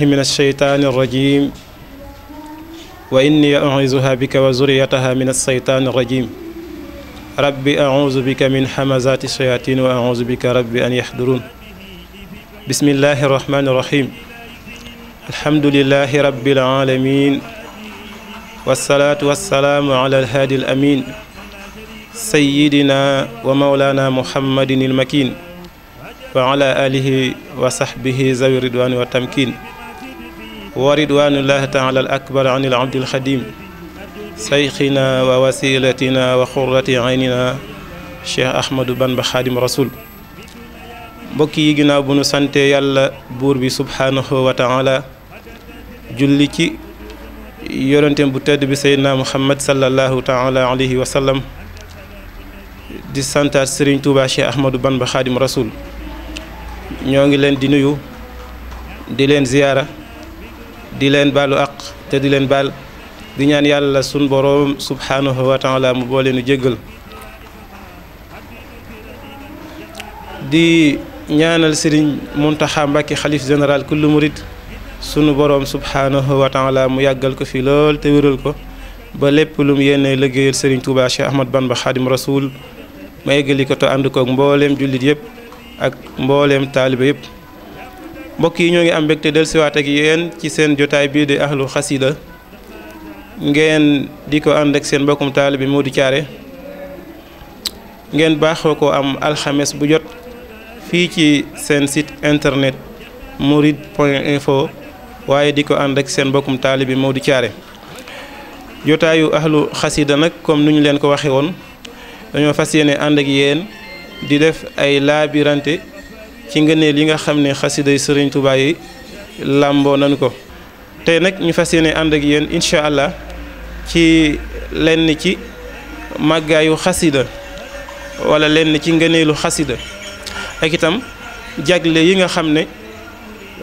بالله من الشيطان الرجيم وإني أعوذها بك وزريتها من الشيطان الرجيم ربي أعوذ بك من حمزات الشياطين وأعوذ بك ربي أن يحضرون بسم الله الرحمن الرحيم الحمد لله رب العالمين والصلاة والسلام على الهادي الأمين سيدنا ومولانا محمد المكين وعلى آله وصحبه ذوي الرضوان والتمكين ورضوان الله تعالى الأكبر عن العبد الخديم شيخنا ووسيلتنا وخرة عيننا الشيخ أحمد بن بخادم رسول بكي جنا بنو سنتي يلا بوربي سبحانه وتعالى جلتي يرنتم بتد بسيدنا محمد صلى الله تعالى عليه وسلم دي سانتا سيرن توبا شيخ احمد بن بخادم رسول نيوغي لين دي دي لين زياره di leen baalu àq te di leen baal di ñaan yàlla sun boroom subhaanahu wa taala mu boole nu jéggal di ñaanal sëriñ Muntaxa Mbàkke xalif général kullu murid sunu boroom subhaanahu wa taala mu yàggal ko fi lool te wéral ko ba lépp lu mu yéene liggéeyal sëriñ Touba Cheikh Ahmad Bamba Xaadim Rasul ma eggali ko ànd kook mbooleem jullit yëpp ak mbooleem taaliba yëpp mbokk yi ñoo ngi am mbégte dellusiwaat ak yéen ci seen jotaay bii di ahlu xasida ngeen di ko ànd ak seen mbokkum moo di caare ngeen baaxoo ko am alxames bu jot fii ci seen site internet mouride point info waaye di ko ànd ak seen mbokkum moo di caare jotaayu ahlu xasida nag comme nu ñu leen ko waxe woon dañoo fas yéene ànd ak yéen di def ay laabirante ci ngëneel li nga xamne khassida serigne touba yi lambo nan ko tay nak ñu fassiyene ànd ak yéen inshallah ci lenn ci màggaayu khassida wala lenn ci ngëneelu khassida ak itam jagle yi nga xamne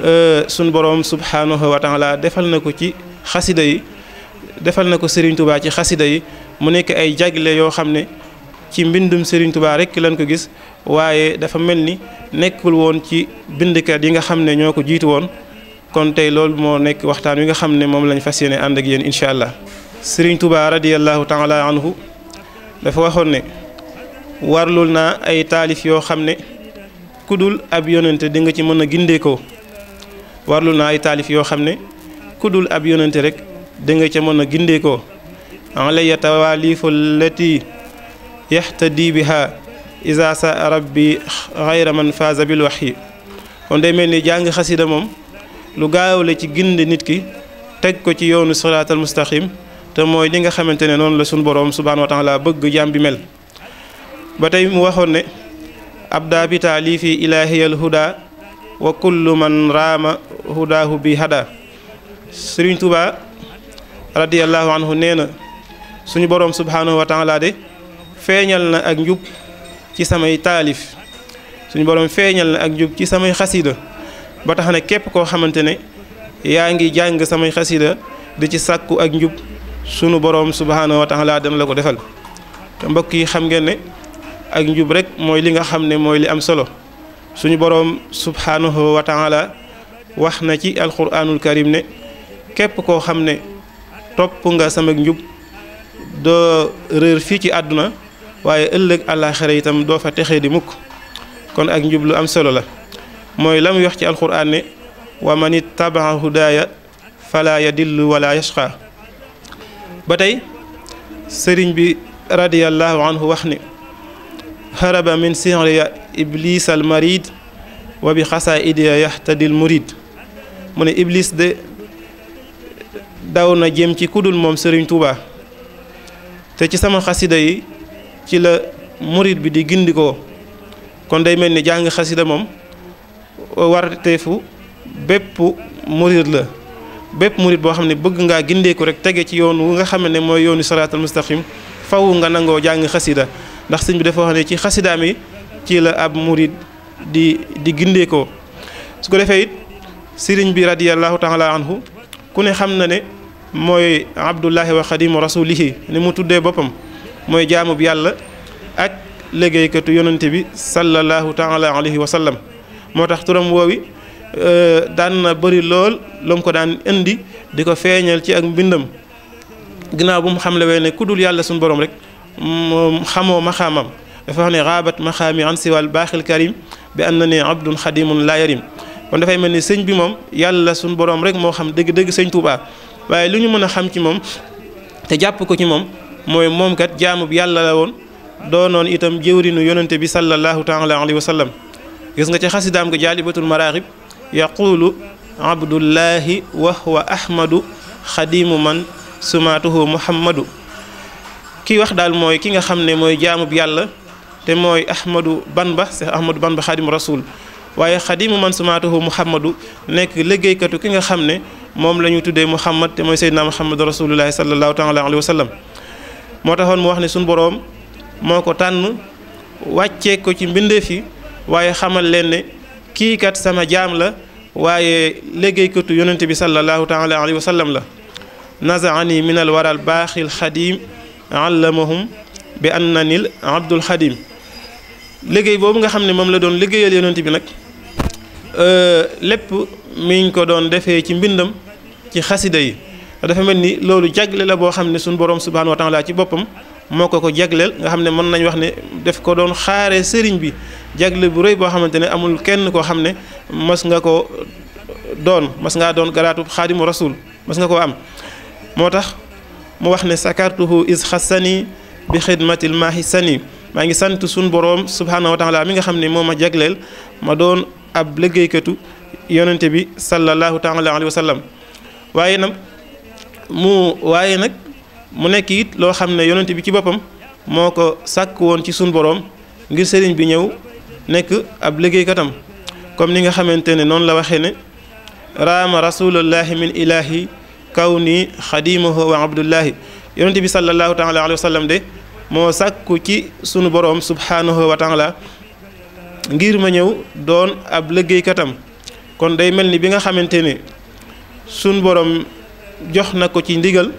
euh sun borom subhanahu wa taala defal nako ci khassida yi defal nako Serigne Touba ci khassida yi mu nek ay jagle yo xamne ci mbindum Serigne Touba rek lañ ko gis waye dafa melni nekul won ci bind kat yi nga xamne ñoko jitu won kon tay lool mo nek waxtaan yi nga xamne mom lañu lañ ànd ak yéen inshallah Serigne Touba radiyallahu taala anhu dafa waxoon ne warlul na ay talif yo xamne kudul ab yonente di nga ci mën ginde ko warlul na ay talif yo xamne kudul ab yonente rek di nga ca mën a gindeekoo alaya tawaalifu lati yahtadi biha isa sa rabbi xayra man faasa bil wax yi kon day mel ni jàng xasida moom lu gaaw la ci gindi nit ki teg ko ci yoonu siraatal mustaqim te mooy li nga xamante ne noonu la suñu boroom subhaana wa taala bëgg jaam bi mel ba tey mu waxoon ne abda bita lii fi ilaahiyal huda wa kullu man raama hudaahu bi hada sëriñ tuba radiallahu anhu nee na suñu boroom subhaanahu wa taala de feeñal na ak njub ci samay talif suñu borom feñal ak jub ci samay khasida ba tax kep ko xamantene yaangi jàng samay khasida di ci sàkku ak njub sunu borom subhanahu wa taala dem la ko defal te mbokk yi xam ngeen ne ak njub rek mooy li nga xam ne mooy li am solo suñu borom subhanahu wa taala wax na ci alquranul karim ne képp koo xam ne topp nga sama njub doo réer fii ci àdduna waaye ëllëg àllaaxira itam doo fa texee di mukk kon ak njub lu am solo la mooy la muy wax ci alxuraan ne wa man ittabaa hudaaya fala yadillu wala yashqa ba tey sëriñ bi radiyallahu anhu wax ni haraba min sihriya iblis al marid wa bi xasaidiya yahtadil murid mu ne iblis de daw na jëm ci kudul moom sëriñ Tuuba te ci sama xasida yi ci la murit bi di gindiko kon day melni jang khassida mom war tefu bépp murit la bépp murit bo xam beug nga ngaa gindeeku rek tege ci yoon wu nga xamne moy yoonu saraatal mustaqim faw nga nango jàng khassida ndax seigne bi dafa wax ci khassida mi ci la ab murit di di gindeekoo su ko defee it sëriñ bi radiyallahu taala anhu ku ne xamna ne moy abdullah wa khadim rasulih ni mu tuddé bopam jaamu bi yàlla ak katu yonenti bi sallallahu taala alayhi wa sallam motax tax turam woowi dan na bëri lol lu ko dan indi diko feñal ci ak bindam ginaaw bu mu xamlewee ne ku dul yàlla sun borom rek xamo ma xamam dafa wax ne raabat maxaami an siwal bakhil karim bi annani abdun khadim la yarim kon da fay melni sëñ bi mom yàlla sun borom rek mo xam deug deug sëñ touba waye luñu ñu xam ci mom te jàpp ko ci mom moy mom kat jaamub yàlla la won do non itam jëwrinu yonante bi sallallahu taala alayhi wa sallam gis nga ci khasidam ko jalibatul maraqib yaqulu abdullah wa huwa ahmad khadim man sumatuhu muhammad ki wax dal moy ki nga xamne moy mooy jaamub yàlla te moy ahmad banba seex ahmad banba khadim rasul waye khadim man sumatuhu muhammad nek liggey liggéeykatu ki nga xamne mom lañu tuddé muhammad te moy sayyidna muhammad rasulullah sallallahu taala alayhi wa sallam moo taxoon mu wax ne suñu boroom moo ko tànn wàccee ko ci mbindeef yi waaye xamal leen ne kii kat sama jaam la waaye liggéeykatu yonent bi sallallahu taala alayhi wa la nazaani min al waral baaxil xadim allamahum bi annanil abdul xadim liggéey boobu nga xam ne moom la doon liggéeyal yonent bi nag euh, lépp mi ko doon defee ci mbindam ci xasida yi dafa melni lolu jagle la bo xamné sun borom subhanahu wa taala ci bopam moko ko jaglél nga xamné mën nañ wax ne def ko doon xaaré sëriñ bi jagle bu reuy bo xamante ne amul kenn ko xamné mas nga ko doon mas nga doon garatu khadimu rasul mas nga ko am motax mu wax ne sakartuhu is khassani bi khidmatil mahisani sani maa ngi sant sun borom subhanahu wa taala mi nga xamné moma jaglél ma doon ab katu yonente bi sallallahu taala alayhi wa sallam waye nag mu waaye nag mu nekk it loo xam ne yonent bi ci boppam moo ko sàkk woon ci suñu boroom ngir sëriñ bi ñëw nekk ab liggéeykatam comme ni nga xamante ne noonu la waxee ne raama rasulullahi min ilahi kaw nii xadimahu wa abdullahi yonent bi sallallahu taala alayhi wa sallam de moo sàkku ci suñu boroom subhanahu wa taala ngir ma ñëw doon ab liggéeykatam kon day mel ni bi nga xamante ne sunu boroom jox na ko ci ndigal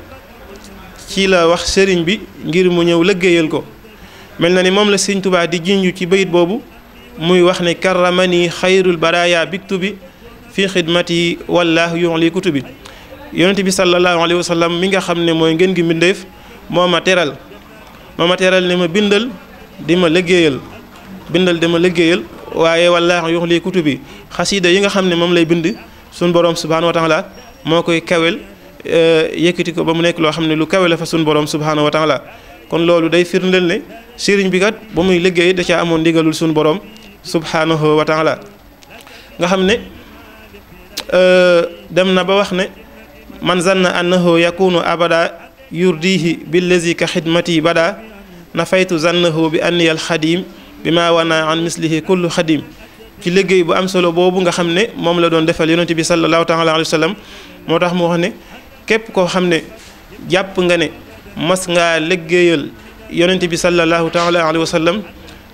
ci la wax sëriñ bi ngir mu ñëw liggéeyal ko mel na ni moom la sëriñ Tuubaa di jinju ci bayit boobu muy wax ne karramani xayrul baraya biktu bi fi xidmati wallaahu yuxli kutu bi yonente bi sallallahu alayhi wa mi nga xam ne mooy ngeen gi mbindeef moo ma teral moo ma teral ne ma bindal di ma liggéeyal bindal di ma liggéeyal waaye wallaahu yuxli kutu bi xasiida yi nga xam ne moom lay bind suñu borom subhaanahu wa la moo koy kawel yëkkati ko ba mu nekk loo xam ne lu kawe la fa suñu borom subhaanahu wa taala kon loolu day firndeel ne sëriñ bi kat ba muy da caa amoon ndigalul suñu borom subhaanahu wa taala nga xam ne dem na ba wax ne man zanna annahu yakunu abada yurdihi billazi ka xidmati bada nafaytu zannahu bi anniya alxadim bi ma wana an mislihi kullu xadim ci liggéey bu am solo boobu nga xam ne la doon defal yonente bi sallallahu taala alayhi wa sallam moo wax ne képp koo xam ne jàpp nga ne mas ngaa liggéeyal yonent bi sallallahu taala alayhi wa sallam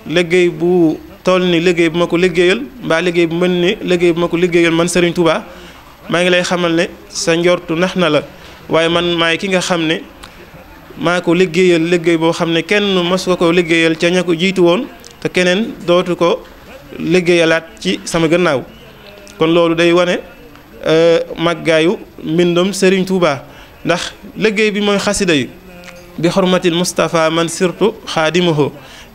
liggéey bu toll ni liggéey bu ma ko liggéeyal mbaa liggéey bu mën ni liggéey bu ma ko liggéeyal man Serigne Touba maa ngi lay xamal ne sa njortu nax na la waaye man maay ki nga xam ne maa ko liggéeyal liggéey boo xam ne kenn mas nga ko liggéeyal ca ña ko jiitu woon te keneen dootu ko liggéeyalaat ci sama gannaaw kon loolu day wane màggaayu mbindum Serigne Touba ndax liggéey bi moy xasida yi bi xormatil mustafa man surtout xaadimuhu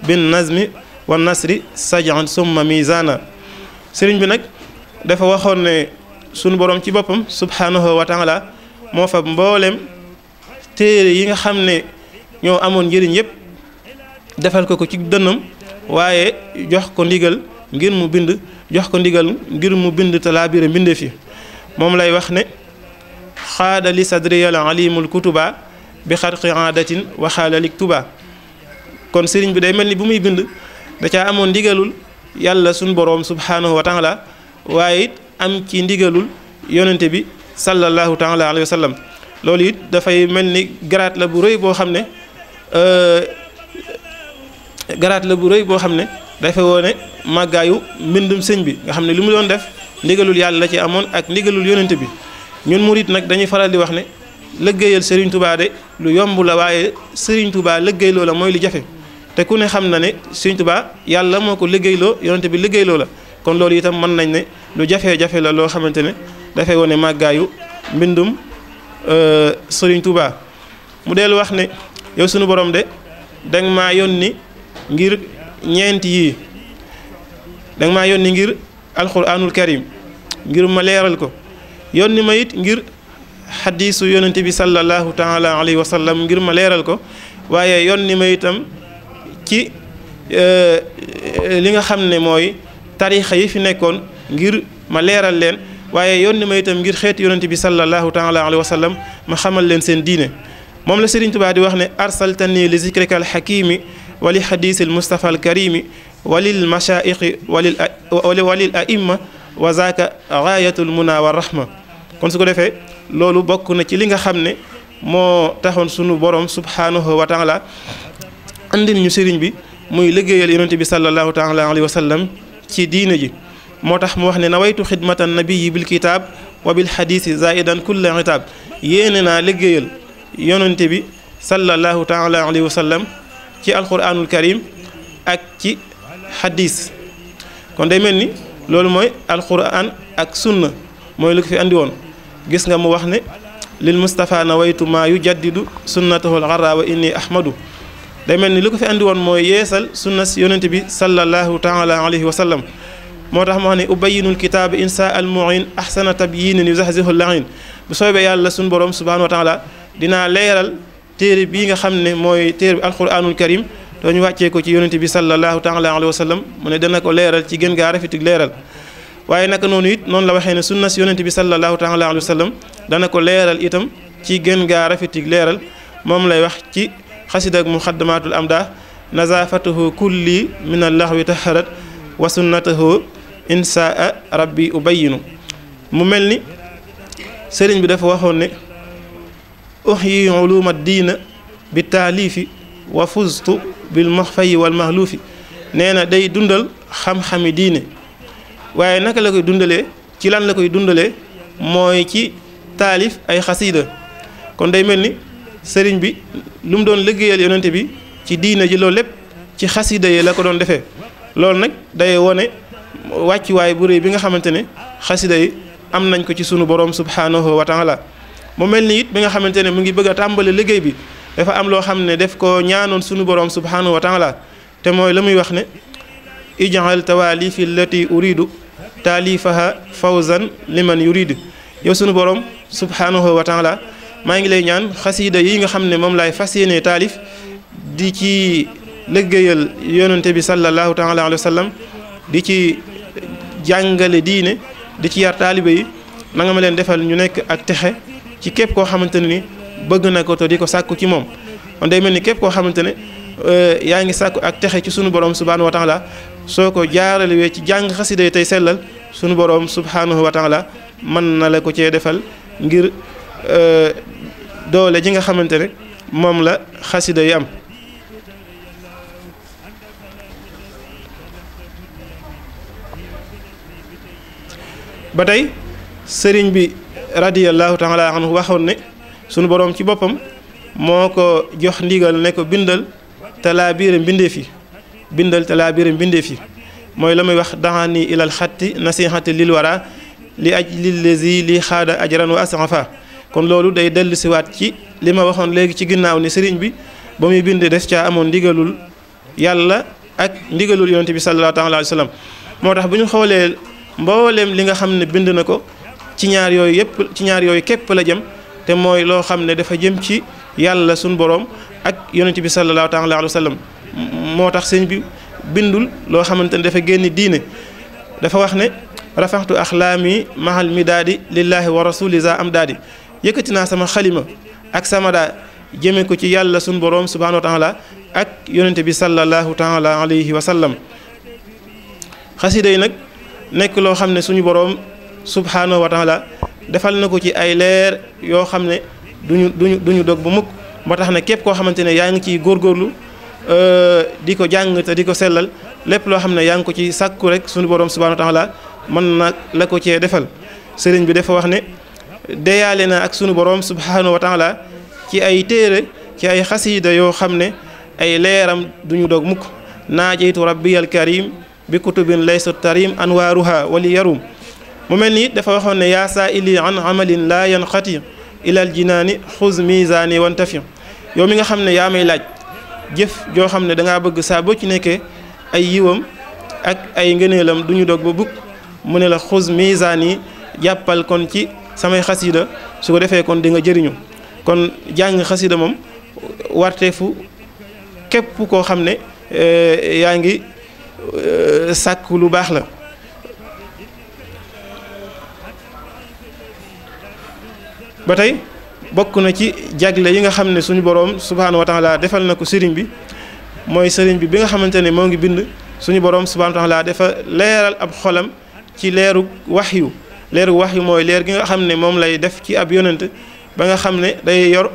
bin nazmi wan nasri sajan summa misana Serigne bi nag dafa waxoon ne sunu borom ci boppam subhanahu wa taala moo fa mboolem téere yi nga xam ne ñoo amoon njëriñ yépp defal ko ko ci dënnam waaye jox ko ndigal ngir mu bind jox ko ndigal ngir mu bind te laa fi mom lay wax ne xaada li sadri al alim al kutuba bi kharq adatin wa khala li kutuba kon serigne bi day melni bu muy bind da ca amone ndigalul yàlla suñ borom subhanahu wa taala waye am ci ndigalul yonente bi sallallahu taala alayhi wa sallam loolu it dafay mel ni garaat la bu reuy bo xamne euh grat la bu reuy bo xamne dafay woone màggaayu mbindum sëñ bi nga xam ne li mu doon def ndigalul yàlla la ci amoon ak ndigalul yonent bi ñun murit nag dañuy faral di wax ne lëggéeyal Serigne Touba de lu yomb la waaye Serigne tubaa lëggéey loo la mooy lu jafe te ku ne xam na ne Serigne Touba yàlla moo ko lëggéeyloo yonent bi lëggéeyloo la kon loolu itam mën nañ ne lu jafe-jafe la loo xamante ne dafay wone màggaayu mbindum euh, Serigne tubaa mu dellu wax ne yow sunu borom de danga maa yónni ngir ñent yi danga ma yoni ngir alquranul karim ngir ma leral ko yoni ma yit ngir hadithu yonnati bi sallallahu taala alayhi wa sallam ngir ma leral ko waye yoni ma itam ci li nga xamne moy tariikha yi fi nekkon ngir ma leral len waye yoni ma itam ngir xet yonnati bi sallallahu taala alayhi wa sallam ma xamal len sen diine mom la serigne touba di wax ne arsaltani li zikrika alxakimi ولحديث المصطفى الكريم وللمشائخ وللأئمة وذاك غاية المنى والرحمة كون سكو ديفي لولو بوكو نتي ليغا خامني مو تاخون سونو بوروم سبحانه وتعالى اندين ني سيرين بي موي ليغيال يونت بي صلى الله تعالى عليه وسلم تي دين جي موتاخ مو واخني نويتو خدمه النبي بالكتاب وبالحديث زائدا كل عتاب يينا ليغيال يونت بي صلى الله تعالى عليه وسلم ci alquranul karim ak ci hadith kon day melni lolou moy alquran ak sunna moy lu fi andi won gis nga mu wax ne lil mustafa nawaitu ma yujaddidu sunnatahu alghara wa inni ahmadu day melni lu ko fi andi won moy yesal sunna si bi sallallahu taala alayhi wa sallam motax mo moo ne ubayinul kitaaba insa al muin ahsana tabyinin yu zahzihu lain bu soobe yàlla sun borom subhanahu wa taala dina leral téere bii nga xam ne mooy téere bi alquranul karim doo ñu wàccee ko ci yonent bi sallallahu taala alayhi wa sallam mu ne dana ko leeral ci gën gaa rafetik leeral waaye naka noonu it noonu la waxee ne sunna si yonent bi sallallahu taala alayhi wa dana ko leeral itam ci gën gaa rafetik leeral moom lay wax ci xasida ak muxaddamaatul amda nazafatuhu kulli min allaxwi taharat wa sunnatahu insaa rabbi ubayinu mu mel ni bi dafa waxoon أحيي علوم الدين بالتaalif wa fustu bil mahfayi wal mahluufi nee na day dundal xam-xami diine waaye naka la koy dundalee ci lan la koy dundalee mooy ci taalif ay xasiida kon day mel ni sëriñ bi lu mu doon liggéeyal yonente bi ci diine ji loolu lépp ci xasiida yi la ko doon defee loolu nag day wone wàccuwaay bu réy bi nga xamante ne xasiida yi am nañ ko ci sunu boroom subhaanahu wa taala mo melni it bi nga xamantene mu ngi bëgg a tàmbali liggéey bi dafa am lo xamne def ko ñaanon sunu borom subhanahu wa taala te moy lamuy wax ne ijal tawaalifi lati uridu talifaha fawzan liman yurid yow sunu borom subhanahu wa taala ma ngi lay ñaan khasida yi nga xamne mom lay fasiyene talif di ci liggéeyal yonente bi sallallahu taala alayhi wasallam di ci jàngale diine di ci yar taalibe yi na nga ma leen defal ñu nek ak texe ci képp koo xamante ne ni bëgg na ko te di ko sàkku ci moom kon day mel ni képp koo xamante ne euh, yaa ngi sàkku ak texe ci sunu borom subhanahu wa taala soo ko jaaralewee ci jàng xasida yi tey sellal sunu boroom subhanahu wa taala mën na la ko cee defal ngir euh, doole ji nga xamante ne moom la xasida yi am. ba tey sëriñ bi. radiyallahu taala anhu waxoon ne sunu borom ci boppam moo jox ndigal ne ko bindal te laa biire mbindeef bindal te laa biire mbindeef yi mooy la muy wax daxani ilal xatti nasihati lil wara li aj lillezi li xaada ajran wa asanfa kon loolu day dellu siwaat ci li ma waxoon léegi ci ginnaaw ni sëriñ bi ba muy bind des caa ndigalul yàlla ak ndigalul yonente bi sallallahu alayhi wa sallam moo tax bu li nga xam bind na ci ñaar yoy yep ci ñaar yoy lo la dafa jëm ci yàlla suñ borom ak yonent bi sallallahu taala alayhi wasallam motax sëñ bi bindul lo xamantene dafa génn diine dafa wax ne rafaxtu akhlami mahal midadi lillahi wa rasuli za amdadi daadi yëkkati sama khalima ak sama da jëme ko ci yàlla sun borom subhanahu wa taala ak yonente bi sallallahu taala alayhi wasallam sallam nak nek lo xamne ne suñu borom subhaanahu wa taala defal na ko ci ay leer yoo xam ne duñu duñu duñu dog bu mukk moo tax ne képp koo xamante ne yaa ngi ciy góorgóorlu di ko jàng te di ko sellal lépp loo xam ne yaa ngi ko ci sàkku rek suñu borom subhaanahu wa taala mën na la ko cee defal sëriñ bi dafa wax ne deyaale na ak sunu borom subhaanahu wa taala ci ay téere ci ay xasiida yoo xam ne ay leeram duñu dog mukk naajeytu rabbiyal karim bi kutubin laysa tarim anwaaruha wali yarum ممني دفعون ياسا إلي عن عمل لا ينقطي إلى الجنان خذ ميزاني وانتفع يومي خمنا يا ميلاج جف جو خمنا دعا بق سابو كنيك أي يوم أك أي غني لم دنيو دك ببك من لا خذ ميزاني يا بالكون كي سامي خسيدة سو دفع كون دعا جرينيو كون جان خسيدة مم وارتفو كيف بكو خمنا يانغي ساكو لباخله batay bokku na ci jagle yi nga xamne suñu borom subhanahu wa taala defal nako serigne bi moy serigne bi bi nga xamantene mo ngi bind suñu borom subhanahu wa taala defa leral ab xolam ci leru wahyu leru wahyu moy yu leer gi nga xamne mom lay def ci ab yonent ba nga xamne day yor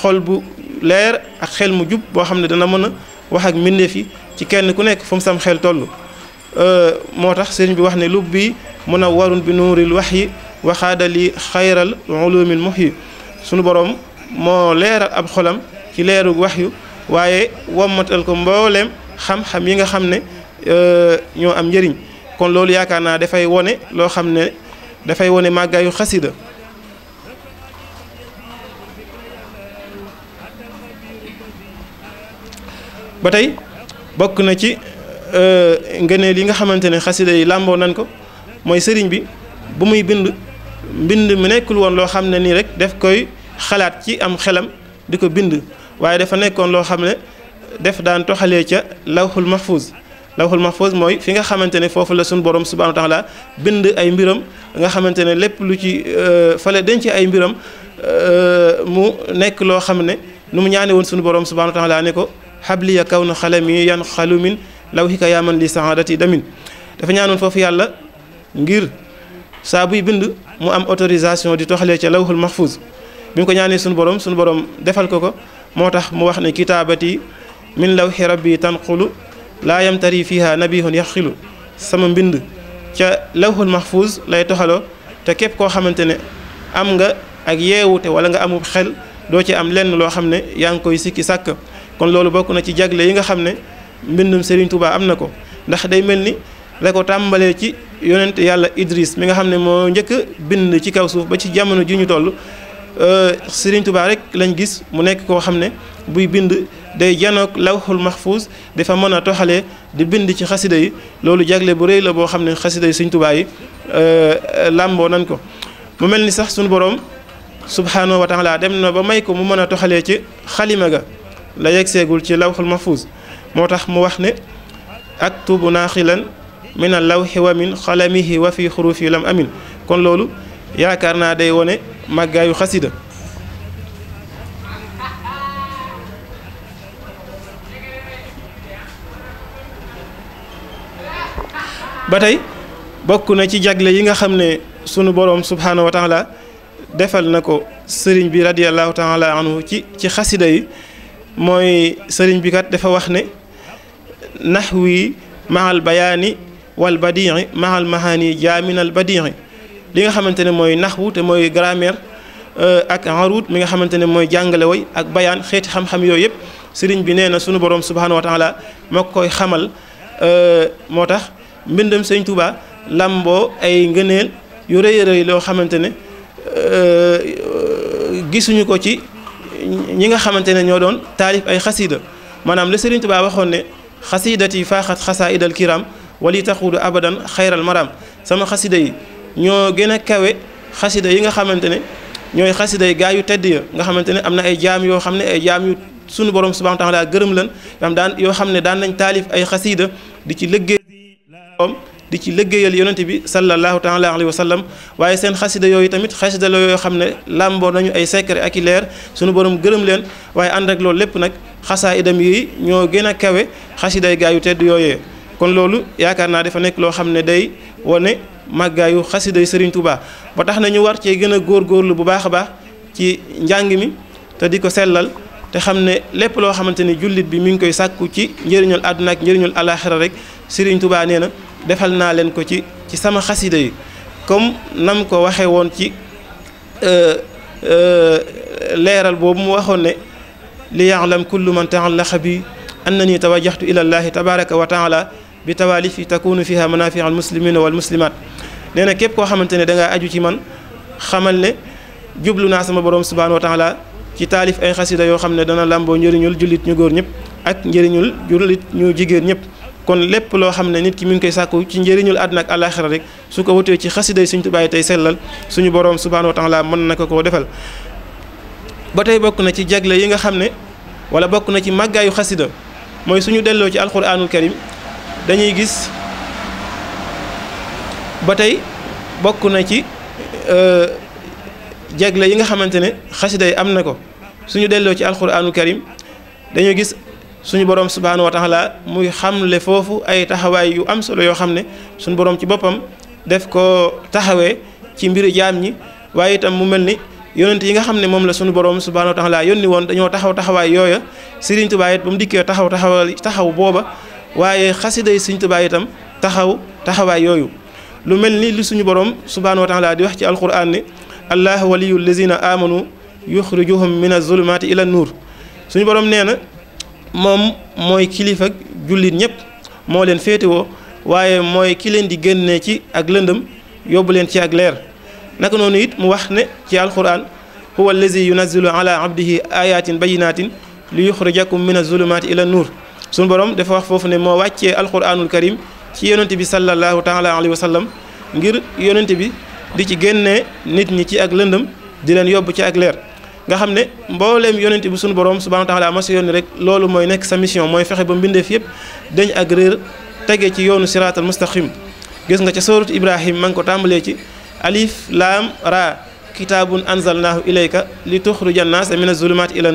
xol bu leer ak xel mu jub bo xamne dana mën wax ak mbindeef fi ci kenn ku nek fum sam xel tollu euh motax serigne bi wax ne lubbi bi warun bi nuril wahyi waxaada li xayral ulumil muhyi sunu borom moo leeral ab xolam ci leeru waxyu waaye wommatal ko mbooleem xam-xam yi nga xam ne ñoo am njëriñ kon loolu yaakaar naa dafay wone loo xam ne dafay wone màggaayu xasida ba tey bokk na ci ngëneel yi nga xamante ne xasida yi làmboo nan ko mooy sëriñ bi bu muy bind bind mu nekkul woon loo xam ne nii rek def koy xalaat ci am xelam di ko bind waaye dafa nekkoon loo xam ne def daan toxalee ca lawxul mahfuz lawxul mahfuz mooy fi nga xamante ne foofu la sun borom subhanahu wa taala bind ay mbiram nga xamante ne lépp lu ci fale denc ay mbiram mu nekk loo xam ne nu mu ñaane woon suñu borom subhanahu wa taala ne ko xabliya kaw na xalami yan xalumin min xika yaman li saadati damin dafa ñaanoon foofu yàlla ngir sa buy bind mu am autorisation di toxale ci lawhul mahfuz bim ko ñaanee sun borom sun borom defal ko ko motax mu wax ne kitabati min lawhi rabbi tanqulu la yamtari fiha nabihun yaxqilu sama bind ci lawhul mahfuz lay toxalo te kep ko xamantene am nga ak yewute wala nga amub xel do ci am len lo xamne yang koy sikki sak kon lolu bokku na ci jagle yi nga xamne ne mbindum Serigne Touba amna ko ndax day melni la tàmbalee ci yonent yàlla Idris mi nga xam ne moo njëkk bind ci kaw suuf ba ci jamono ji ñu toll euh, Serigne Touba rek lañ gis mu nekk koo xam ne buy bind day janook janoog lawxul mahfuz dafa mën a toxalee di bind ci xasida yi loolu jagle bu rëy la boo xam ne xasida yi Serigne Touba yi euh, làmboo nañ ko mu mel ni sax sunu borom subhanahu wa taala dem na ba may ko mu mën a toxalee ci xalima ga la yegg seegul ci lawxul mahfuz moo tax mu wax ne ak tuubu naaxilan min allawxi wa min xalamihi wa fi xurufi lam amin kon loolu yaakaar naa day wone màggaayu xasida ba tey bokk na ci jagle yi nga xam ne sunu boroom subhaanahu wa taala defal na ko sëriñ bi radiallahu taala anhu ci ci xasida yi mooy sëriñ bi kat dafa wax ne naxwi maal bayaani wal badii mahal mahani jaamin al badii li nga xamante ne mooy naxwu te mooy grammaire ak arut mi nga xamante ne mooy jàngale woy ak bayaan xeeti xam-xam yooyu yëpp sëriñ bi nee na sunu borom subhanahu wa taala moo koy xamal moo tax mbindam sëñ Tuuba lamboo ay ngëneel yu rëy rëy loo xamante ne gisuñu ko ci ñi nga xamante ne ñoo doon taalif ay xasiida maanaam la sëriñ Tuuba waxoon ne xasiidati faaxat xasaa idal kiram wali taxudu abadan xayral maram sama xasida yi ñoo gën a kawe xasida yi nga xamante ne ñooy xasida yi gaa yu tedd ya nga xamante ne am na ay jaam yoo xam ne ay jaam yu sunu borom subhanahu wa taala gërëm lan yoo daan yoo xam ne daan nañ taalif ay xasida di ci liggéey om di ci liggéeyal yonente bi sallallahu taala alayhi wa sallam waaye seen xasida yooyu tamit xasida la yoo xam ne nañu ay secret ak leer sunu borom gërëm leen waaye ànd ak loolu lépp nag xasaa idam yi ñoo gën a kawe xasiday gaa yu tedd yooyee kon lolu yakarna dafa nek lo xamne ne day wane màggaayu khassida Serigne Touba ba tax nañu ñu war cee gën gor góorgóorlu bu baax ba ci njàng mi te diko selal te xamne lépp lo xamanteni julit bi mi ngi koy sàkku ci njëriñul aduna ak njëriñul alaxira rek Serigne Touba neena defal na len ko ci ci sama khassida yi comme nam ko waxé won ci leral bobu mu waxone li ya'lam kullu man ta'allaha bi annani tawajjahtu ila allah tabaarak wa taala bi tawaalif takunu fiha manaafiu almuslimina walmuslimaat nee na képp koo xamante ne dangaa aju ci man xamal ne jublu naa sama borom subhaanahu wa taala ci taalif ay xasida yoo xam ne dana làmboo njëriñul jullit ñu góor ñëpp ak njëriñul jullit ñu jigéen ñëpp kon lépp loo xam ne nit ki mi ngi koy sàkku ci njëriñul àdduna ak àllaaxira rek su ko wutee ci xasida yi suñ tubaay tey sellal suñu borom subhaanahu wa taala mën na ko koo defal ba tey bokk na ci jagle yi nga xam ne wala bokk na ci màggaayu xasida mooy suñu delloo ci alquraanul karim dañuy gis ba tey bokk na ci euh, jegle yi nga xamante ne xasida yi am na ko suñu delloo ci alquraanul karim dañuy gis suñu borom subhaanahu wa taala muy xamle foofu ay taxawaay yu am solo yoo xam ne suñu borom ci boppam def ko taxawee ci mbiru jaam ñi waaye itam mu mel ni yonent yi nga xam ne moom la suñu borom subaano wa taala yónni woon dañoo taxaw taxawaay yooya Sëriñ Tuubaa it ba mu dikkee taxaw taxaw taxaw booba waye khassida yi sëñ Tuubaa itam taxaw taxawaay yoyu lu melni li suñu borom subhanahu wa taala di wax ci alquran ni allah waliyul ladina amanu yukhrijuhum minaz zulumati ila nur suñu borom neena mom moy kilifa ak jullit ñëpp moo leen wo waye moy ki leen di génne ci ak lëndëm yobul leen ci ak leer naka nonu it mu wax ne ci alquran huwa allazi yunazilu ala abdihi ayatin bayinatin li yuxrijakum min ila nur sun borom dafa wax fofu ne mo wacce alquranul karim ci yonente bi sallallahu taala alayhi wa sallam ngir yonente bi di ci genné nit ñi ci ak lendeum di len yob ci ak leer nga xamne mbollem mbooleem bi sun borom subhanahu taala ma yónni rek lolu moy nek sa mission moy fexe ba fi yeb deñ ak réer tege ci yoonu siratal mustaqim gis nga ci sourate ibrahim man ko tambalé ci alif lam ra kitabun anzalnahu ilayka litukhrijan tuxrija annaasa min azulumaati ila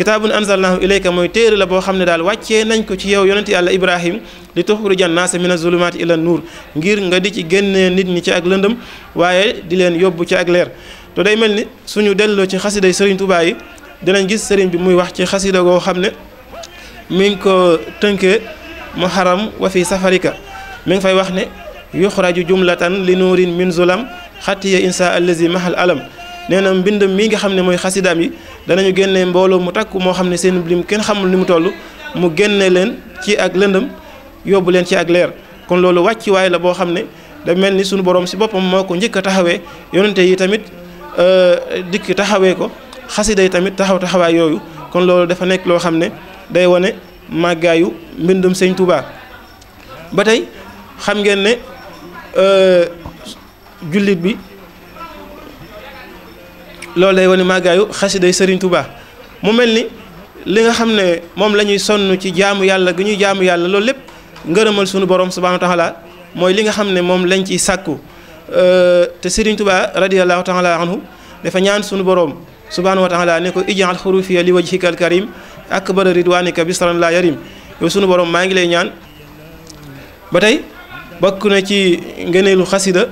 kitaabun anzalnahu ilayka mooy téere la boo xam ne daal wàccee nañ ko ci yow yonent yàlla ibrahim li tuxrija naasa mina zulumaati ila nuur ngir nga di ci génnee nit ñi ci ak lëndëm waaye di leen yóbbu ci ak leer te day mel ni suñu delloo ci xasiday sëriñ Tuubaa yi dinañ gis sëriñ bi muy wax ci xasida goo xam ne mi ngi ko tënkee muharam wa fi safarika mi ngi fay wax ne yuxraju jumlatan li nuurin min zulam xatiya insa allazi mahal alam nee na mbind mi nga xam ne mooy xasidaam yi danañu génnee mbooloo mu takku moo xam ne seen lim kenn xamul ni mu tollu mu génne leen ci ak lëndëm yóbbu leen ci ak leer kon loolu waay la boo xam ne da mel ni sunu borom si boppam moo ko njëkk a taxawee yi tamit euh, dikk taxawee ko xasida yi tamit taxaw taxawaay yooyu kon loolu dafa nekk loo xam ne day wane màggaayu mbindum sëñ Touba ba tey xam ngeen ne euh, jullit bi. loolu day wane magayou khassida serigne touba mu melni li nga xamne mom lañuy sonu ci jaamu yàlla gi ñuy jaamu yàlla loolu lépp ngeureumal sunu borom subhanahu wa taala moy li nga xamne mom lañ ci sàkku euh te serigne touba radiyallahu taala anhu dafa ñaan sunu borom subhanahu wa taala ne ko ijaal xurufiya li wajhika al karim akbar ridwanika bisran la yarim yo sunu borom ma ngi lay ñaan batay bokku na ci ngeeneelu khassida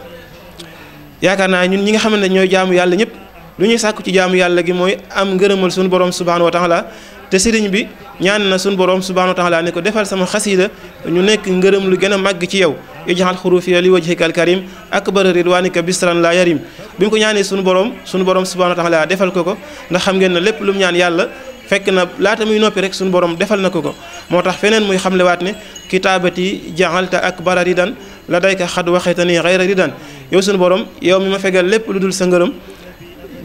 yaakaar ñun ñi nga xamne ñoy jaamu yàlla ñëpp. lu sàkku ci jaamu yàlla gi moy am ngeureumal suñu borom subhanahu wa taala te sëriñ bi ñaan na suñu borom subhanahu wa taala ne ko defal sama khasida ñu nekk ngeureum lu gëna mag ci yow ijhal khurufi li wajhika al karim akbar ridwanika bisran la yarim bi ko ñaané suñu borom suñu borom subhanahu wa taala defal ko ko ndax xam ngeen na lépp lu ñaan yàlla fekk na laata muy nopi rek suñu borom defal na ko ko moo tax feneen muy ne kitabati ja'alta akbar ridan ladayka khad xad waxeeta ni ridan yow suñu borom yow mi ma fegal lépp lu dul sa ngeureum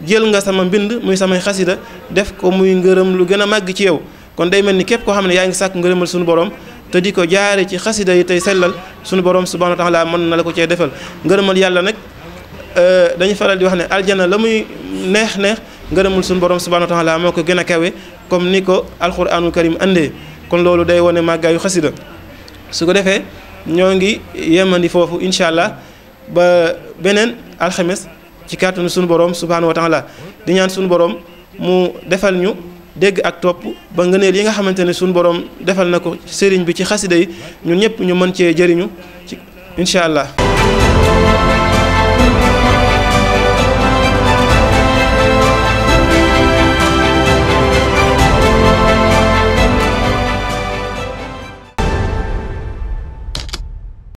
jël nga sama mbind muy sama xasida def ko muy ngeureum lu gëna mag ci yow kon day melni kep ko xamne yaangi sak ngeureumal suñu borom te diko jaare ci xasida yi tay selal suñu borom subhanahu wa taala man na la ko defal ngeureumal yàlla euh dañu faral di wax ne aljana lamuy neex neex ngërëmul suñu borom subhanahu wa taala moko gëna kawe comme niko alquranul karim andé kon lolu day magga yu xasida su ko defé ñoo ngi yemandi fofu inshallah ba beneen alxames ci kàttanu sunu borom subhaanahu wa taala di ñaan sunu borom mu defal ñu dégg ak topp ba ngëneel yi nga xamante ne sunu borom defal na ko sëriñ bi ci xasida yi ñun ñëpp ñu mën cee jariñu ci incha allah.